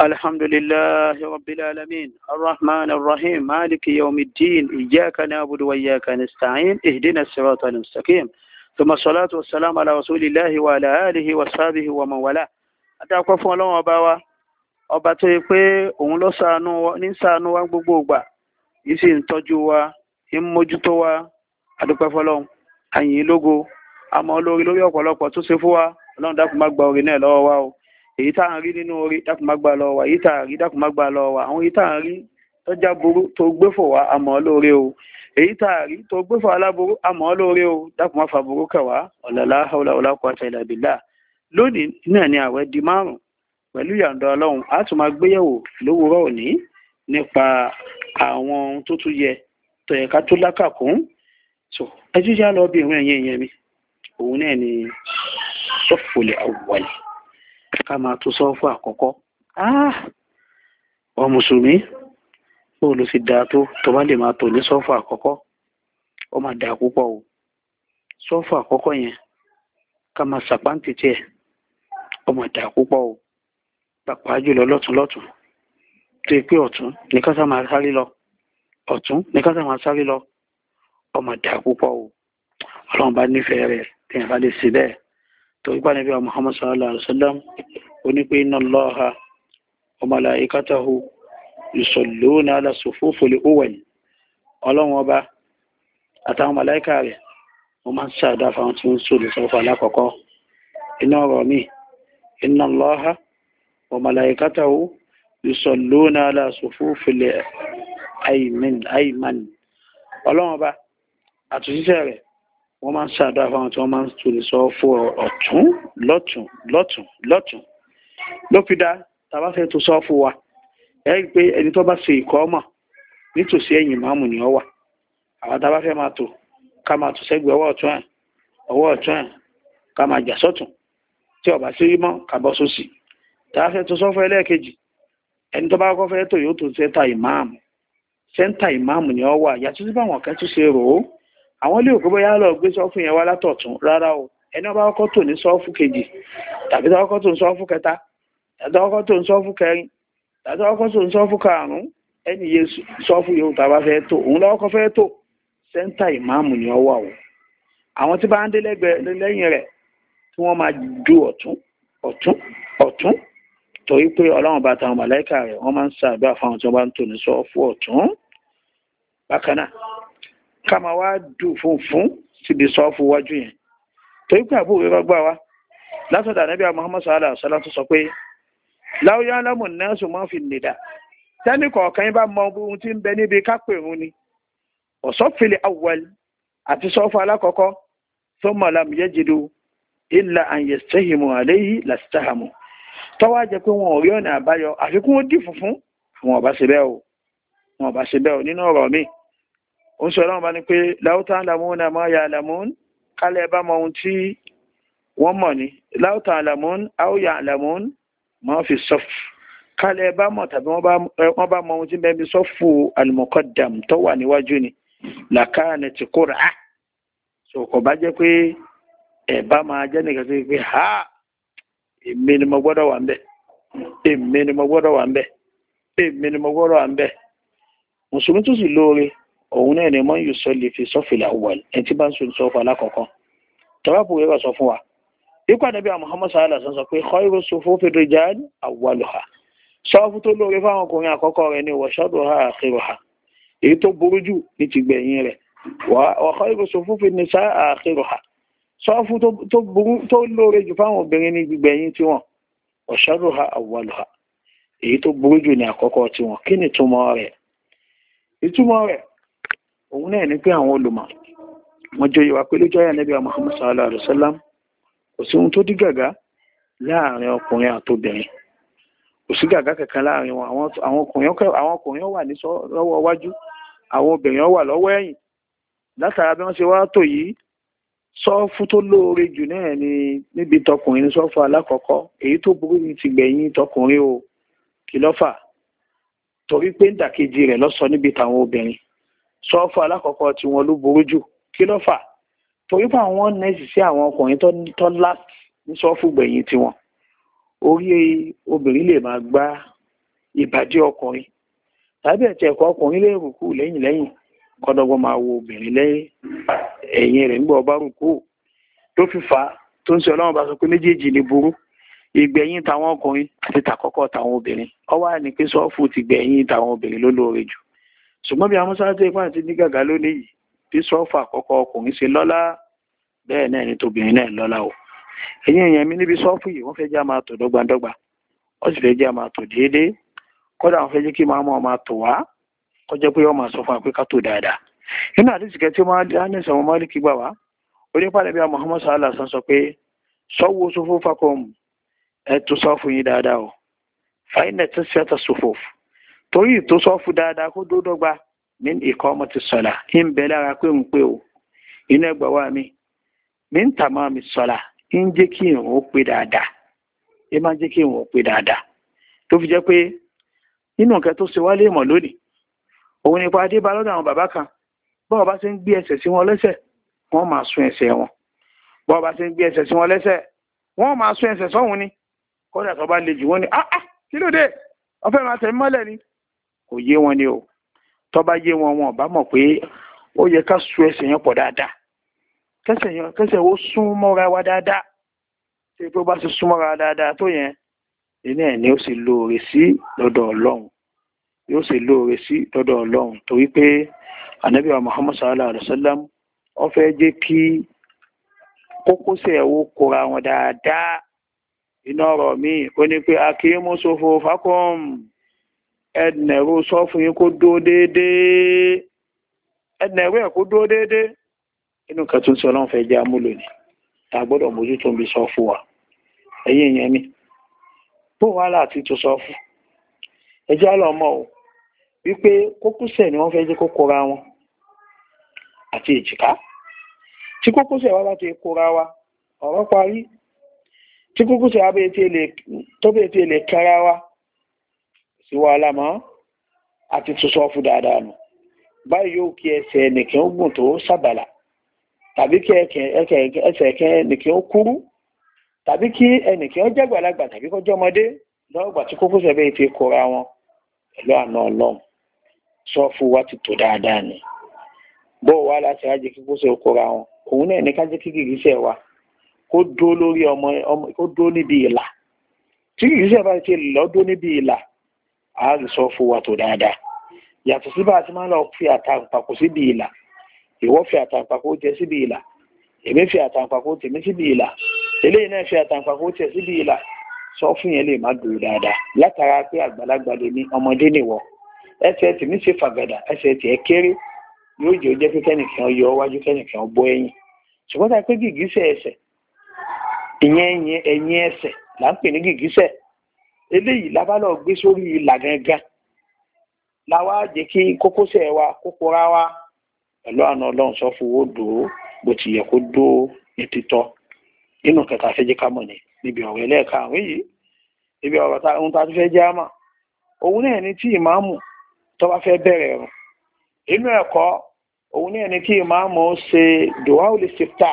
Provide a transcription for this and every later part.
الحمد لله رب العالمين الرحمن الرحيم مالك يوم الدين إياك نعبد وإياك نستعين اهدنا الصراط المستقيم ثم الصلاة والسلام على رسول الله وعلى آله وصحبه ومن والاه adákọ́ fún ọlọ́run ọba wa ọba tó yẹ pé òun ló ṣàánú ní ṣàánú wa gbogbo ìgbà yìí sì ń tọ́jú wa ń mójútó wa adúpẹ́ fọlọ́run àyìn lógo àmọ́ olórí lórí ọ̀pọ̀lọpọ̀ tó ṣe fún wa ọlọ́run dákun má gba orin náà lọ́wọ́ wa o èyí tá à ń rí nínú orí dákun má gbà lọ́wọ́ èyí tá à ń rí dákun má gbà lọ́wọ́ àwọn èyí tá à ń rí tọ́já burú tó gbé fò wá àmọ́ lóore o èyí tá a rí tó gbé fún aláboró àmọ́ lóore o dákun má fàbúrú kẹwà ọ̀làlá haúlá ọ̀là quwwata illa billah lónìí náà ni àwẹ̀ di márùn pẹ̀lú yàǹdà ọlọ́run a tún máa gbéyẹ̀wò lówùúrọ̀ òní nípa àwọn ohun tó tún yẹ tó ká tó lákàkún so ẹjú yá lọ bí ìwé ẹ̀yìn ẹ̀yẹ mi òun náà ni sọ́fòlẹ̀ àwọ̀wọ̀lẹ̀ ká máa tó sọ́ọ̀fù àkọ́kọ́ ah! ọ mùsùlùmí bóò ló ti dáa tó tó bá lè máa tò ní sọ́ọ̀fù àkọ́kọ́ ó máa dáa púpọ̀ o sọ́ọ̀fù àkọ́kọ́ yẹn ká máa sàpáǹtì tiẹ̀ ó máa dáa púpọ̀ o pàpà jùlọ lọ́tún lọ́tún tó yẹ pé ọ̀tún ní ká sá máa sáré lọ ọ̀tún ní ká sá máa sáré lọ ó máa dáa púpọ̀ o ọlọ́run bá nífẹ̀ẹ́ rẹ̀ tẹ̀yìn bá lè ṣe bẹ́ẹ̀ torí pa níbi Muhammad sallallahu alaihi wasallam oní pé inna Allaha wa malaikatahu yusalluna ala sufufil awwal ọlọ́run ọba àtàwọn màláìkà rẹ̀ wọ́n máa ń sàdá fáwọn tí wọ́n sòrò sọ́fà lákọ̀ọ́kọ́ iná ọ̀rọ̀ mi inna Allaha wa malaikatahu yusalluna ala sufufil ọlọ́run ọba àtúnṣiṣẹ́ rẹ̀ wọ́n máa ń ṣàdúrà fáwọn tí wọ́n máa ń tuni sọ fún ọ̀tún lọ́tún lọ́tún lọ́tún ló fi dá tàbá fẹ́ tó sọ fún wa ẹ rí i pé ẹni tó bá ṣe ìkọ́ ọmọ nítòsí ẹ̀yìn máàmù ni ọ wà àwọn tàbá fẹ́ máa tò ká máa tò sẹ́gbẹ̀ẹ́ ọwọ́ ọ̀tún ẹ̀ ọwọ́ ọ̀tún ẹ̀ ká máa jà sọ́tún tí ọba sí rí mọ́ ká bọ́ sósì tàbá fẹ́ tó sọ fún ẹlẹ́ẹ̀kejì ẹni tó bá kọ́ fẹ́ tò yóò tó sẹ́ńtà ìmáàmù sẹ́ńtà ìmáàmù ni ọ wà yàtọ̀ báwọn kan ṣe rò ó àwọn lè òkúbọ̀ yálọ̀ gbé sọ́fù yẹn wá látọ̀tún rárá o ẹni ọba ọkọ̀ tò ní sọ́fù kejì tàbí ọkọ̀ tò ní sọ́fù kẹta tàbí ọkọ̀ tò ní sọ́fù kẹrin tàbí ọkọ̀ tò ní sọ́fù karùn-ún ẹni iye sọ́fù yòówù tàbá fẹ́ tó òun lọ́kọ̀ fẹ́ tó sẹ́ńtà ìmáàmù ni ọwọ́ o àwọn tí bá ń dé lẹ́gbẹ̀ẹ́ lẹ́yìn rẹ̀ tí wọ́n máa ju ọ̀tún ọ̀tún ọ̀tún torí pé ọlọ́run bá tàwọn màláìkà rẹ̀ wọ́n máa ń ṣàdúrà fáwọn tí wọ́n bá ń tò ní sọ́fù ọ̀tún bákan náà ká máa wá dùn funfun síbi sọ́ọ̀fù wájú yẹn torí pé àbúrò rírọ́ gbà wá látọ̀dà nàbí Muhammad sallallahu alaihi wasallam tó sọ pé láwùjọ alámù náà sùn máa fi nìdá tẹ́nì kọ̀ọ̀kan yín bá mọ ohun tí ń bẹ níbi kápẹ̀ òun ni ọ̀sọ́fìlẹ̀ awwal àti sọ́ọ̀fù alákọ̀ọ́kọ́ tó mọ̀ làmù yẹ́ jìdó ilà àyẹ̀sẹ̀hìmù àléyìí làṣìṣàhàmù tọ́wọ́ jẹ́ pé wọn ò rí ọ̀nà àbáyọ àfikún ó dì funfun wọn ò ṣe bẹ́ẹ̀ o wọn ò ṣe bẹ́ẹ̀ o nínú ọ̀rọ̀ míì ó ń sọ ọlọ́run bá ní pé láwùtá àlàmúnà máa yà àlàmún kálẹ̀ bá mọ ohun tí wọ́n mọ̀ ní láwùtá àlàmún àwòyà àlàmún máa fi sọ́fù kálẹ̀ bá mọ̀ tàbí wọ́n bá mọ ohun tí bẹ́ẹ̀ bí sọ́fù àlùmọ̀kọ́dàm tó wà níwájú ni làkàánì ti kóra á so kò bá jẹ́ pé ẹ̀ bá máa jẹ́ nìkan tó yẹ pé ha èmi ni mo gbọ́dọ̀ wà ń bẹ̀ èmi ni mo gbọ́dọ̀ wà ń bẹ̀ èmi ni mo gbọ́dọ̀ wà ń bẹ̀ mùsùlùmí tún sì lóore òun náà ni mọ́n yóò sọ lè fi sọ́fìlà wà ẹni tí bá ń sọ fún alákọ̀ọ́kọ́ tọ́lápù wẹ́wà sọ fún wa ikú àdàbí àmọ́hámọ́ sàálà sọ sọ pé khairu sufufi rijal awwaluha sọ́ọ̀fù tó lóore fáwọn ọkùnrin àkọ́kọ́ rẹ̀ ni wa sharruha akhiruha èyí tó burú jù ní ti gbẹ̀yìn rẹ̀ wa khairu sufufi nisa akhiruha sọ́ọ̀fù tó lóore jù fáwọn obìnrin ní gbẹ̀yìn tiwọn wa sharruha awwaluha èyí tó burú jù ní àkọ́kọ́ tiwọn kí ni túmọ̀ rẹ̀ ìtumọ̀ rẹ̀ òun náà ní pé àwọn olùmọ̀ wọ́n jọ yíwa pé lójú ayé ànábì Muhammad sallallahu alaihi wasallam kò sí ohun tó dí gàgá láàrin ọkùnrin àtobìnrin kò sí gàgá kankan láàrin wọn àwọn ọkùnrin wà ní lọ́wọ́ iwájú àwọn obìnrin wà lọ́wọ́ ẹ̀yìn látara bí wọ́n ṣe wá tò yìí sọ́ọ̀fù tó lóore jù náà ni níbi tọkùnrin ní sọ́ọ̀fù alákọ̀ọ́kọ́ èyí tó burú ní ti gbẹ̀yìn tọkùnrin o kìlọ́fà torí pé ń dàkejì rẹ̀ lọ́sọ níbi tàwọn obìnrin sọ́ọ̀fù alákọ̀ọ́kọ́ tí wọ́n ló burú jù kí ló fà torí pé àwọn nẹ́ẹ̀sì sí àwọn ọkùnrin tó last ní sọ́ọ̀fù gbẹ̀yìn tiwọn orí obìnrin lè máa gbá ìbàdí ọkùnrin tàbí ẹ̀tì ẹ̀kọ́ ọkùnrin lè rùkú lẹ́yìn lẹ́yìn kọ́dọ́gbọ́n máa wo obìnrin lẹ́yìn ẹ̀yìn rẹ̀ nígbà ọba rùkú tó fi fà á tó ń sọ ọlọ́run bá sọ pé méjèèjì ni burú ìgbẹ̀yìn tàwọn ọkùnrin àti tàkọ́kọ́ tàwọn obìnrin ọwọ́ àní pé sọ́ọ̀fù ti gbẹ̀yìn tàwọn obìnrin ló jù ṣùgbọ́n bí amúsá tó ipá àti ní gàgà lónìí yìí bí sọ́ọ̀fù àkọ́kọ́ ọkùnrin ṣe lọ́lá bẹ́ẹ̀ náà tobìnrin náà lọ́lá o ẹ̀yin èèyàn mi níbi sọ́ọ̀fù yìí wọ́n fẹ́ jẹ́ àmà tò dọ́gbandọ́gba wọ́n sì fẹ́ jẹ́ àmà tò déédéé kọ́dà fẹ́ jẹ́ kọjá pé sọ fún dáadáa nínú tí wọ́n á ní torí tó sọ fún dáadáa kó dó dọ́gba ní ìkọ́ ọmọ ti sọ̀là ń bẹ lára pé ń pé o inú ẹgbà wa mi mi ń tà máa mi sọ̀là ń jẹ́ kí ìrun ó pé dáadáa ẹ máa ń jẹ́ kí ìrun ó pé dáadáa tó fi jẹ́ pé nínú nǹkan tó ṣe wálé mọ̀ lónìí òun nípa adé lọ́dọ̀ àwọn bàbá kan bọ́ọ̀ bá ṣe ń gbé ẹsẹ̀ sí wọn lẹ́sẹ̀ wọ́n máa sún ẹsẹ̀ wọn bọ́ọ̀ bá ṣe ń gbé ẹsẹ̀ sí wọn lẹ́sẹ̀ wọ́n máa sún ẹsẹ̀ sọ́hun ni kódà tó bá le jù wọ́n ni ah ah kí ló dé ọ̀fẹ́ máa tẹ̀ mọ́lẹ̀ ni kò yé wọn ni o tó bá yé wọn wọn ò bá mọ̀ pé ó yẹ ká so ẹsẹ̀ yẹn pọ̀ dáadáa kẹsẹ̀ yẹn kẹsẹ̀ ó sún mọ́ra wa dáadáa tí ó bá ti sún mọ́ra wa dáadáa tó yẹn ìní ẹ̀ ni ó sì lóore sí lọ́dọ̀ ọlọ́run yóò sì lóore sí lọ́dọ̀ ọlọ́run torí pé ànábì wa muhammad sallallahu alaihi wa sallam ó fẹ́ jẹ́ kí kókósẹ̀ ó kóra wọn dáadáa iná ọ̀rọ̀ mi ò ní pé akéémúsòfò fákọ́ọ̀mù ẹnẹ̀rú sọ́ọ̀fù yín kó dúró déédéé ẹnẹ̀rú ẹ̀ kó dúró déédéé inú kẹtùn sí ọlọ́run fẹ́ jẹ́ amúlò ni tá a gbọ́dọ̀ mójútó ń bi sọ́ọ̀fù wa ẹ̀yìn ìyẹn mi bó wà láti tó sọ́ọ̀fù ẹjẹ́ ọlọ́mọ o wípé kókósẹ̀ ni wọ́n fẹ́ jẹ́ kókóra wọn àti èjìká tí kókósẹ̀ wa bá kóra wa ọ̀rọ̀ parí tí kókósẹ̀ wa bẹ́ẹ̀ tí èlè kára wa sí wàhálà mọ́ àti tuntun ọ̀fù dáadáa nù báyìí yóò kí ẹsẹ̀ nìkan gùn tó sàbàlà tàbí kí ẹsẹ̀ kan nìkan kúrú tàbí kí ẹnìkan jẹ́ àgbàlagbà tàbí kó jẹ́ ọmọdé lọ́gbà tí kókó sẹ́bẹ̀ ti kóra wọn pẹ̀lú àna ọlọ́run sọ́ọ̀fù wa ti tò dáadáa ni bó wa láti rájẹ kíkó sẹ́ kóra wọn òun náà ní ká jẹ́ kí gìgísẹ̀ wa kó dó lórí ọmọ kó dó níbi ìlà tí gìgísẹ̀ bá ti lọ́ dó níbi ìlà a sì sọ fún wa tó dáadáa yàtọ̀ sí bá a ti máa lọ fi àtàǹpàkò síbi ìlà ìwọ fi àtàǹpàkò jẹ síbi ìlà èmi fi àtàǹpàkò tèmi síbi ìlà eléyìí náà fi àtàǹpàkò tẹ síbi ìlà sọ fún yẹn lè má dùn dáadáa látara pé àgbàlagbà lè ní ọmọdé nìwọ ẹsẹ̀ tèmi ṣe fàgàdà ẹsẹ̀ tiẹ̀ kéré yóò jẹ́ jẹ́ pé kẹ́nìkan yọ wájú kẹ́nìkan bọ́ ẹ̀yìn ṣùgbọ́n tá a pé gìgísẹ̀ ẹsẹ̀ ìyẹn ẹ̀yìn ẹsẹ̀ là ń pè ní gìgísẹ̀ eléyìí lábálọ gbé sórí ìlà gangan láwa jẹ́ kí kókósẹ̀ wa kókóra wa pẹ̀lú àna Ọlọ́run sọ fún owó dòó bó ti yẹ kó dòó ní títọ́ nínú kẹta fẹjẹ kámọ ni níbi ọ̀rọ̀ ẹlẹẹka àwọn yìí níbi ọ̀rọ̀ ta ohun ta ti fẹ jẹ àmà òun náà ni tí ìmáàmù tó bá fẹ́ bẹ̀rẹ̀ ẹrùn inú ẹ̀kọ́ òun náà ni kí ìmáàmù ṣe dùwà olùsèptà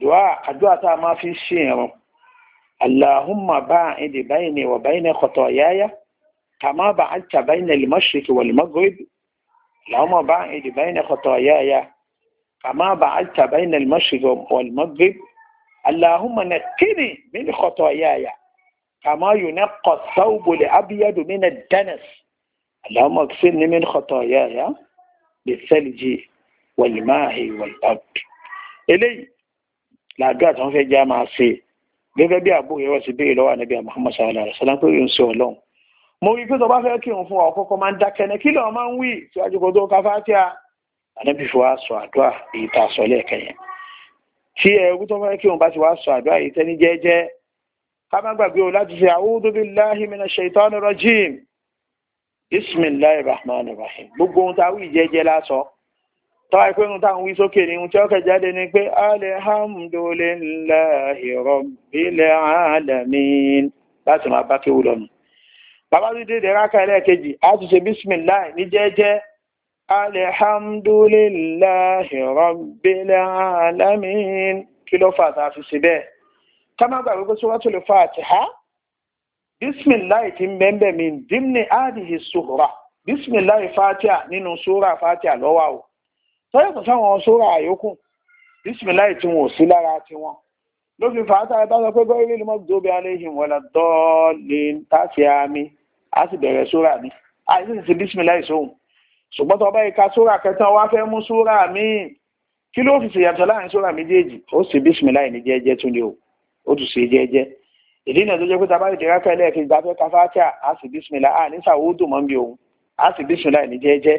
dùwà àdúrà tá a máa fi ṣe ẹrùn اللهم باعد بيني وبين خطاياي كما بعدت بين المشرق والمغرب اللهم باعد بين خطاياي كما بعدت بين المشرق والمغرب اللهم نقني من خطاياي كما ينقى الثوب الابيض من الدنس اللهم اغسلني من خطاياي بالثلج والماء والارض الي لا tí wọn fẹẹ já gẹ́gẹ́ bí àbúrò yẹn wọ́n ti béèrè lọ́wọ́ ànábì Muhammad sallallahu alaihi wasallam pé ń sọ ọlọ́run mo rí pé tó bá fẹ́ kí òun fún wa kọ́kọ́ máa ń dákẹ́ ní kí lọ́ọ́ máa ń wí tí a jùkọ́ tó ka fátíà ànábì fi wá sọ àdúrà èyí tá a sọ lẹ́ẹ̀kan yẹn tí ẹrú tó fẹ́ kí òun bá ti wá sọ àdúrà èyí tẹ́ni jẹ́ẹ́jẹ́ ká má gbàgbé o láti ṣe a'udhu billahi tọ́wà pé ń tàn wí sókè ní ohun tí ó kẹjáde ni pé alhamdulillahi rabbil alamin láti máa bá kéwù lọ́nu bàbá tó dé dẹ̀rá ẹlẹ́ẹ̀kejì a ti ṣe bismillah ní jẹ́jẹ́ alhamdulillahi rabbil alamin kí ló fà tá a fi ṣe bẹ́ẹ̀ ká má gbàgbé pé suratul fatiha bismillah ti ń bẹ́ẹ̀ bẹ́ẹ̀ mi dín ní tọ́yọ̀tọ̀ sáwọn sóra àyókù bísímìláì tí wọn ò sí lára tí wọn ló fi fàátà ẹ bá sọ pé bọ́ọ̀lì lè mọ́ dóbi aléhìn wọlé dọ́ọ̀lì táṣì àmì á sì bẹ̀rẹ̀ sóra mi á sì ti bísímìláì sóhun ṣùgbọ́n tó bá yìí ka sóra kẹtàn wá fẹ́ mú sóra mi kí ló fi ṣèyàtọ̀ láàrin sóra méjèèjì ó sì bísímìláì ní jẹ́jẹ́ tún ni o ó tún ṣe jẹ́jẹ́ ìdí náà tó jẹ́ pé tabali ti rákẹ́ lẹ́ẹ̀kejì tàbí kafáàtà á sì bísímìláì á ní sàwódò mọ́ bí òun á sì bísímìláì ní jẹ́jẹ́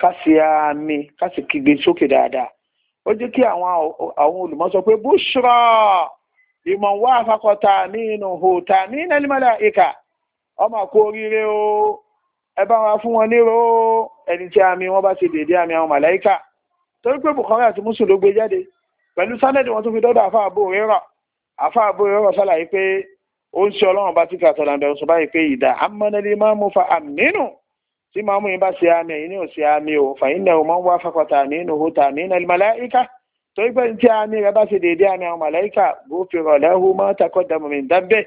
ká ṣe àmì ká sì kígbe sókè dáadáa ó jẹ́ kí àwọn àwọn olùmọ̀ sọ pé bushra ìmọ̀ wá afakọta ní inú hòtá ní nẹ́límọ́lá ìkà ọmọ kú oríire o ẹ bá wa fún wọn nírò o ẹni tí àmì wọn bá ṣe dédé àmì àwọn màláìkà torí pé Bukhari àti Muslim ló gbé jáde pẹ̀lú sánẹ́dì wọn tún fi dọ́dọ̀ àfa àbò rírọ̀ àfa àbò rírọ̀ sálàyé pé ó ń ṣe ọlọ́run bá ti kà sọ̀rọ̀ àbẹ̀wò sọ báyìí pé ìdá amánẹ́lí máa mú fa àmínú tí màmú yín bá ṣe àmì ẹ̀yin ní ò ṣe àmì o fàyín náà máa ń wá fakọta àmì inú hó tàmí iná màláìka torí pé tí àmì rẹ bá ṣe dédé àmì àwọn màláìka bó fi rọ̀lẹ́ hó máa takọ́ dàmùmí dábẹ́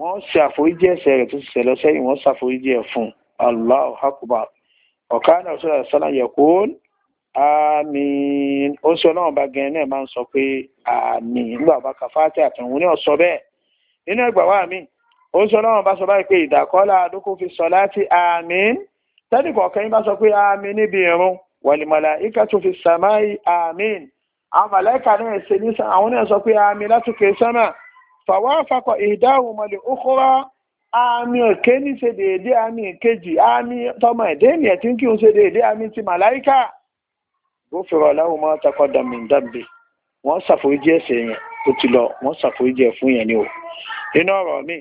wọ́n ṣe àforíjì ẹ̀ṣẹ̀ rẹ̀ tó ṣe lọ sẹ́yìn wọ́n ṣàforíjì ẹ̀ fún Allahu akbar ọ̀ká náà sọ̀rọ̀ sọ́nà yẹ̀kún àmín ó sọ náà bá gẹ̀ náà máa ń sọ pé àmín nígbà bá ka fáti àtẹ̀wọ̀n ní ọ̀sọ́ bẹ́ẹ̀ nínú ẹgbàá wa mi ó sọ náà bá sọ báyìí pé ìdàkọ́lá adókòfin sọ láti àmín tẹ́nìkọ̀ọ̀kan yín bá sọ pé àmì níbi ìrun wàlìmọ̀lá ìkà tó fi sàmáì àmín àwọn màláìkà náà ṣe ní sàn àwọn náà sọ pé àmì látòkè sánà fàwa fakọ ìdáhùn mọ̀lẹ̀ òkúra àmì òkè ní ṣe déédé àmì kejì àmì tọmọ ẹ̀dẹ́ ènìyàn tí ń kí n ṣe déédé àmì ti màláìkà gbófinró aláwọ̀ máa takọ̀ dàmìdàmì wọ́n ṣàforíjì ẹ̀ṣẹ̀ yẹn tó ti lọ wọ́n ṣàforíjì ẹ̀ fún yẹn ni o nínú ọ̀rọ̀ míì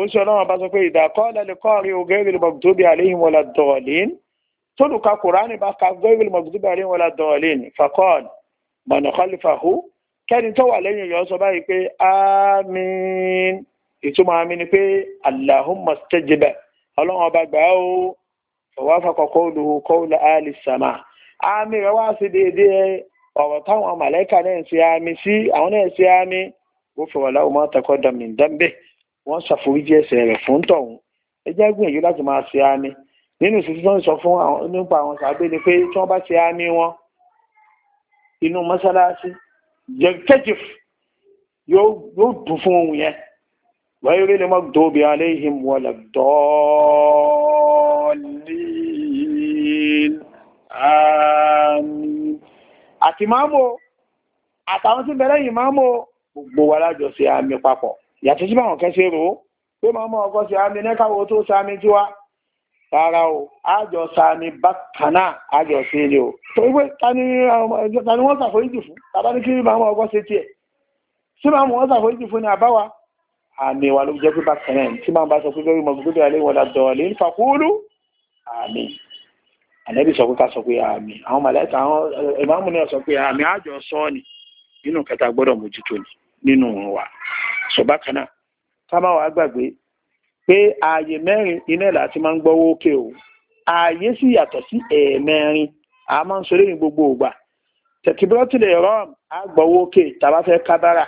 oṣù ọlọ́run bá sọ pé ìdàkọ́ lẹ́lẹ́kọ́ rí ogé ìlú mọ̀gùdóbi àléhìn wọlá dọ̀ọ̀lín tólùka kùránì bá ka ogé ìlú mọ̀gùdóbi àléhìn wọlá dọ̀ọ̀lín fakọ́ọ̀n mọ̀nà kọ́lífàhù kẹ́ni tó wà lẹ́yìn yọ sọ báyìí pé àmín ìtumọ̀ àmín ni pé Allahumma stajib ọlọ́run ọba gbà ó ọwọ́ afọkọ̀ kọ́ọ̀lù kọ́ọ̀lù àlì sàmà àmín rẹ̀ wá sí déédéé ọ̀rọ̀ táwọn màlẹ́kà náà ń ṣe àmín sí àwọn náà ń ṣe àmín gbófinrọ̀lá ọmọ àtàkọ́ dàmíndàmbé wọ́n ṣàforíjì ẹ̀ṣẹ̀ rẹ̀ fún tọ̀hún ẹ jẹ́ gbìyànjú láti máa ṣe àmì nínú ìṣesí tó ń sọ fún nípa àwọn sàbẹ̀ ni pé tí wọ́n bá ṣe àmì wọn inú mọ́ṣáláṣí jẹ́kẹ́jì yóò dùn fún ohun yẹn wọ́n yóò rí lè mọ́ dóbi aléhìm wọlé dọ́ọ̀lìn àmín àti máàmù àtàwọn tí bẹ̀rẹ̀ yìí máàmù gbogbo wa lájọ ṣe àmì papọ̀ yàtọ̀ sí báwọn kan ṣe rò ó pé máa mọ ọkọ sí àmì nẹ́kàwó tó sami tí wá rárá o àjọ sami bákanáà àjọ sí ilé o tó wípé tani wọ́n ṣàforíjì fún tàbá ní kí máa mọ ọkọ sí tiẹ̀ sí máa mọ wọ́n ṣàforíjì fún ní àbáwa àmì wa ló jẹ́ pé bákanáà tí máa bá sọ pé bẹ́ẹ̀ mọ̀ gbogbo àlẹ́ wọn dàdọ̀ lè ń fàkúrú àmì àlẹ́bí sọ pé ká sọ pé àmì àwọn màlẹ́ta àwọn ìmáàmù náà sọ pé àmì àjọ sọ ni nínú kẹta gbọ́dọ̀ mójútó ni nínú wa sọ bákan náà ká má wàá gbàgbé pé ààyè mẹ́rin iná ẹ̀ láti máa ń gbọ́wọ́ òkè o ààyè sì yàtọ̀ sí ẹ̀ẹ̀mẹ́rin a máa ń sọlé ní gbogbo ògbà tẹ̀tìbọ́tìlẹ̀ rọ́ọ̀m á gbọ́wọ́ òkè tàbá fẹ́ kábára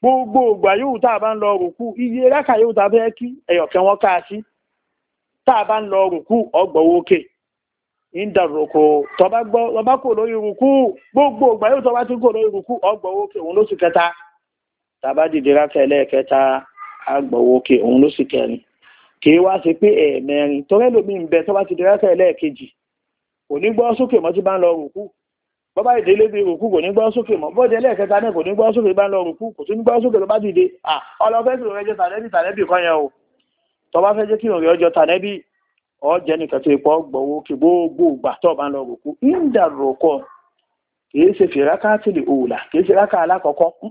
gbogbo ògbà yóò tá a bá ń lọ rùkú iye rákà yóò tá a fẹ́ kí ẹ̀yọ̀kẹ́ wọn ká sí tá tàbá dìde rákà ẹlẹ́ẹ̀kẹta àgbọ̀wọ́ òkè òun ló sì kẹrin kì í wá sí pé ẹ̀ẹ̀mẹrin torí ẹlòmíì ń bẹ tó bá ti dìde rákà ẹlẹ́ẹ̀kejì kò ní gbọ́ sókè mọ́ tí bá ń lọ rùkú bọ́bá ìdílé bí rùkú kò ní gbọ́ sókè mọ́ bọ́ọ̀dì ẹlẹ́ẹ̀kẹta náà kò ní gbọ́ sókè bá ń lọ rùkú kò tún ní gbọ́ sókè tó bá dìde ọlọ́fẹ́ sì rẹ̀ jẹ́ tànẹ́bì tànẹ́bì kan yẹn o tó bá